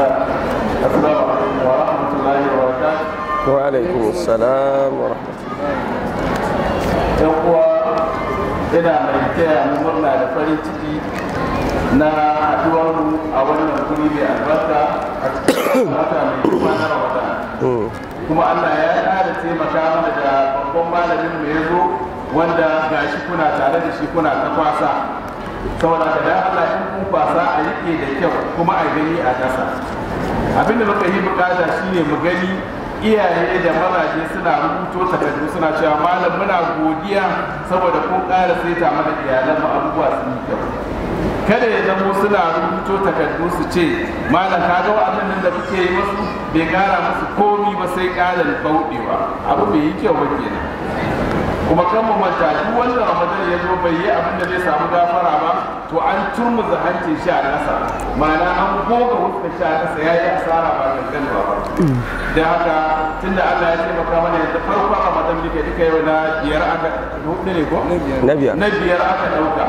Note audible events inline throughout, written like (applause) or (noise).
السلام عليكم ورحمة الله وبركاته ina mai taya mu murna da farin ciki na haduwar mu a wannan guri mai albarka a cikin (coughs) wata mai kuma na wata hmm. kuma Allah ya ƙara taimaka mana da babban malamin mu ya zo wanda gashi kuna tare da shi kuna ta kwasa saboda ka da Allah in kun kwasa a yake da kyau kuma a gani a ƙasa abin da muka yi bukata shine mu gani iyaye da mazaje suna rubuto takardu suna cewa malam muna godiya saboda ko ƙara saita mana iyalan mu abubuwa sun yi kyau kada ya zamo suna rubuto takardu su ce malam ka ga wa'annan nan da kuke yi musu bai ƙara musu komi ba sai ƙarin bauɗewa abu bai yi kyau ba kenan kuma kan mu manta duk wanda ramadan ya zo bai yi abin da zai samu gafara ba to an turmu hancin shi a nasa ma'ana an goga hutsa shi a nasa ya yi asara ba gangan ba da haka tunda Allah ya taimaka mana yanzu farkon ramadan muke duka yau na biyar aka hudu ne ko na biyar na biyar aka dauka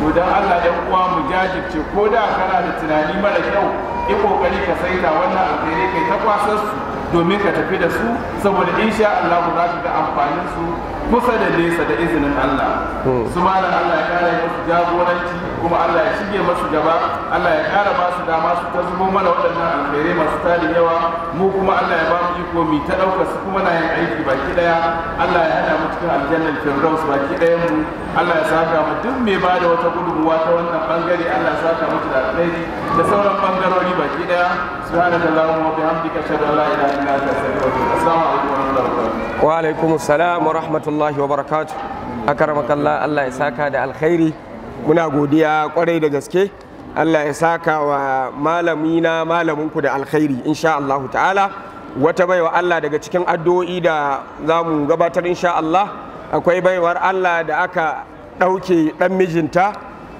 to dan Allah ya uwa mu jajirce ko da kana da tunani mara kyau ki kokari ka saita wannan alheri kai ta kwasar su domin ka tafi da su saboda insha Allah za ka ga amfanin su kusa da nesa da izinin Allah hmm. su da Allah ya kara musu jagoranci kuma Allah ya shige masu gaba Allah ya kara ba su dama su ta zubo mana waɗannan alkhairai masu tarin yawa mu kuma Allah ya ba mu iko mi ta ɗaukar su kuma na yin aiki baki ɗaya Allah ya hana mu cikin aljannar firdaus baki ɗayan mu Allah ya saka mu duk mai ba da wata gudunmuwa ta wannan bangare Allah ya saka mu da alkhairi da sauran bangarori baki ɗaya subhanaka allahumma wa bihamdika ashhadu la ilaha illa anta astaghfiruka wa atubu wa alaikum wa rahmatullahi rahmatullahi wa barakatu akaramakallah Allah ya saka da alkhairi muna godiya kwarai da gaske Allah ya saka wa malamina malaminku da alkhairi insha Allah ta'ala wata baiwa Allah daga cikin addu'o'i da za mu gabatar insha Allah akwai baiwar Allah da aka ɗauke ɗan mijinta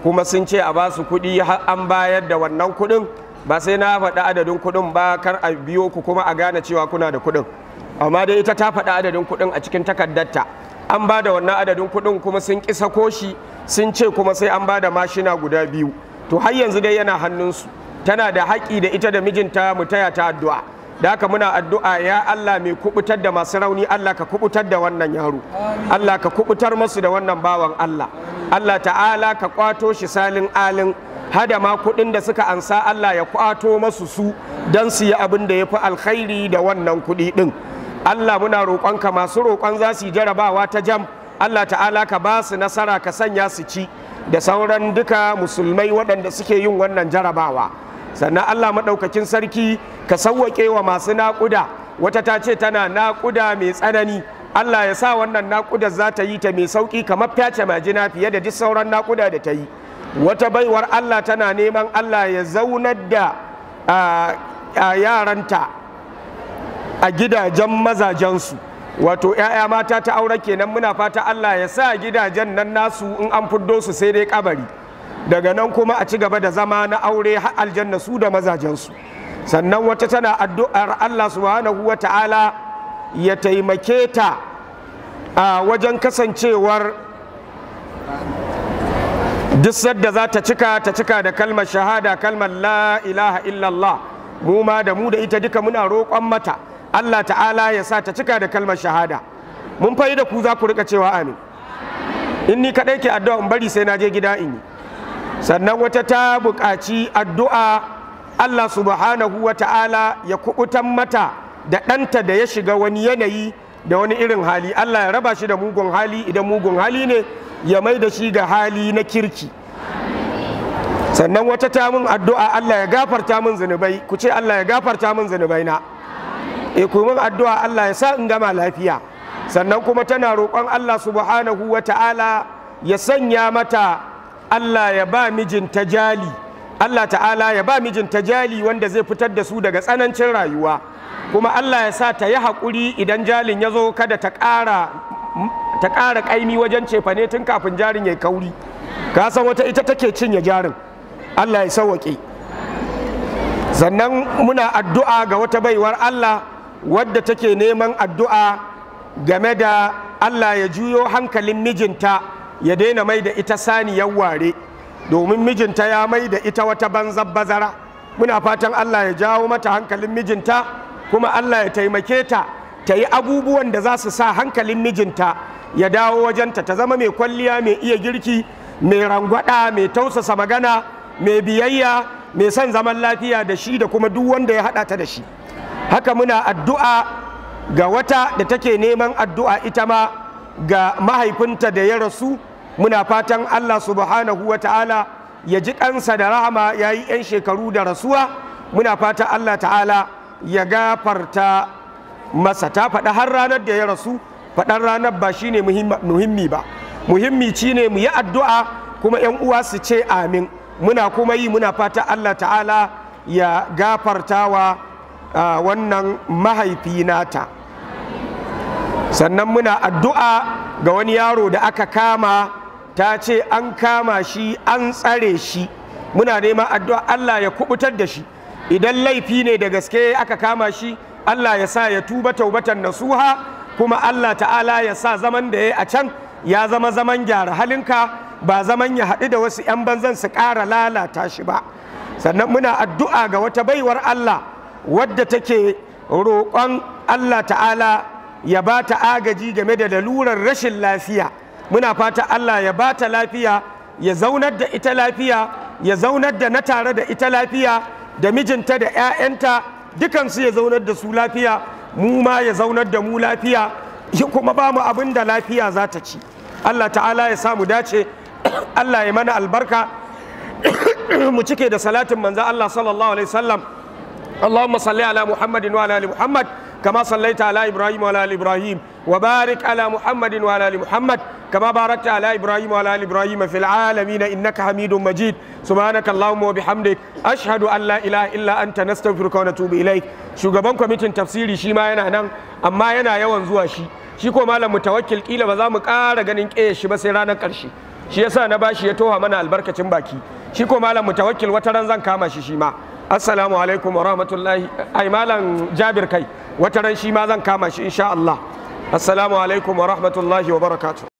kuma sun ce a basu su kuɗi an bayar da wannan kuɗin ba sai na faɗi adadin kuɗin ba kar a biyo ku kuma a gane cewa kuna da kuɗin amma dai ita ta faɗi adadin kuɗin a cikin takardarta an ba da wannan adadin kuɗin kuma sun kisa koshi shi sun ce kuma sai an ba da mashina guda biyu to har yanzu dai yana hannunsu tana da haƙi da ita da mijinta mu taya ta addu'a da haka muna addu'a ya Allah mai kubutar da masu rauni Allah ka kubutar da wannan yaro Allah ka kubutar masu da wannan bawan Allah Allah ta'ala ka kwato shi salin alin hada ma kuɗin da suka ansa Allah ya kwato masu su don su yi abin da ya fi alkhairi da wannan kuɗi ɗin Allah muna roƙonka masu roƙon za su yi jarabawa ta jam Allah ta'ala ka ba su nasara ka sanya su ci da sauran duka musulmai waɗanda suke yin wannan jarabawa sannan Allah maɗaukakin sarki ka sauwaƙe wa masu naƙuda wata ta ce tana naƙuda mai tsanani Allah ya sa wannan naƙuda za ta yi ta mai sauƙi kamar fyace majina fiye da duk sauran naƙuda da ta yi wata baiwar Allah tana neman Allah ya zaunar da ah, ah, yaranta a gidajen mazajensu wato 'ya'ya mata ta aure kenan muna fata Allah ya sa gidajen nan nasu in an fuddo su sai dai kabari daga nan kuma a ci gaba da zama na aure har aljanna su da mazajensu sannan wata tana addu'ar Allah subhanahu wa ta'ala ya taimake ta a wajen kasancewar duk sadda za ta cika ta cika da kalmar shahada kalmar la ilaha illallah mu ma da mu da ita duka muna roƙon mata Allah ta'ala ya sa ta cika da kalmar shahada mun fayi da ku za ku rika cewa amin in ni kaɗai ke addu'a in bari sai na je gida in yi sannan wata ta buƙaci addu'a Allah subhanahu wa ta'ala ya kuɓutan mata da ɗanta da ya shiga wani yanayi da wani irin hali Allah ya raba shi da mugun hali idan mugun hali ne ya mai da shi ga hali na kirki sannan wata ta mun addu'a Allah ya gafarta mun zunubai ku ce Allah ya gafarta mun zunubai na e eh, kuma addu'a Allah ya sa in gama lafiya sannan kuma tana roƙon Allah subhanahu wa ta'ala ya sanya mata Allah ya ba mijinta jali Allah ta'ala ya ba mijinta jali wanda zai fitar da su daga tsanancin rayuwa kuma Allah ya sa ta yi haƙuri idan jalin ya zo kada ta ƙara ta ƙara ƙaimi wajen cefane tun kafin jarin ya yi kauri ka san wata ita take cinye jarin Allah ya sauwaƙe sannan muna addu'a ga wata baiwar Allah wadda take neman addu'a game da Allah ya juyo hankalin mijinta ya daina mai da ita saniyar ware domin mijinta ya mai da ita wata banzan bazara muna fatan Allah ya jawo mata hankalin mijinta kuma Allah ya taimake ta ta yi abubuwan da za su sa hankalin mijinta ya dawo wajenta ta zama mai kwalliya mai iya girki mai rangwada mai tausasa magana mai biyayya mai son zaman lafiya da shi da kuma duk wanda ya haɗa ta da shi. haka muna addu'a ga wata da take neman addu'a ita ma ga mahaifinta da ya rasu muna fatan Allah subhanahu wa ta'ala ya ji ƙansa da rahama ya yi 'yan shekaru da rasuwa muna fata Allah ta'ala ya gafarta masa ta faɗa har ranar da ya rasu faɗan ranar ba shi ne muhimmi ba muhimmi ci ne mu yi addu'a kuma 'yan uwa su ce amin muna kuma yi muna fata Allah ta'ala ya gafartawa A wannan mahaifi nata sannan muna addu'a ga wani yaro da aka kama ta ce an kama shi an tsare shi muna neman addu'a Allah ya kubutar da shi idan laifi ne da gaske aka kama shi Allah ya sa ya tuba taubatan nasuha kuma Allah ta'ala ya sa zaman da ya a can ya zama zaman gyara halinka ba zaman ya haɗu da wasu 'yan banzan su ƙara lalata shi ba sannan muna addu'a ga wata baiwar Allah wadda take roƙon Allah ta'ala ya ba ta agaji game da lalurar rashin lafiya muna fata Allah ya ba ta lafiya ya zaunar da ita lafiya ya zaunar da na tare da ita lafiya da mijinta da 'ya'yanta dukansu ya zaunar da su lafiya mu ma ya zaunar da mu lafiya kuma ba mu abin da lafiya za ta ci Allah ta'ala ya samu dace (coughs) Allah ya mana albarka (coughs) mu cike da salatin manzo Allah sallallahu alaihi wasallam اللهم صل على محمد وعلى ال محمد كما صليت على ابراهيم وعلى ال ابراهيم وبارك على محمد وعلى ال محمد كما باركت على ابراهيم وعلى ال ابراهيم في العالمين انك حميد مجيد سبحانك اللهم وبحمدك اشهد ان لا اله الا انت نستغفرك ونتوب اليك shugaban kwamitin tafsiri shima yana nan amma yana yawan zuwa shi shi ko malam mutawakkil kila ba za mu ƙara ganin ƙeye shi ba sai ranar ƙarshe shi yasa na bashi ya toha mana albarkacin baki shi ko malam mutawakkil wata rana zan kama shi shi ma assalamu alaikum wa rahmatullahi ai malam jabir kai wata shi ma zan kama shi insha Allah assalamu alaikum wa rahmatullahi wa barakatuh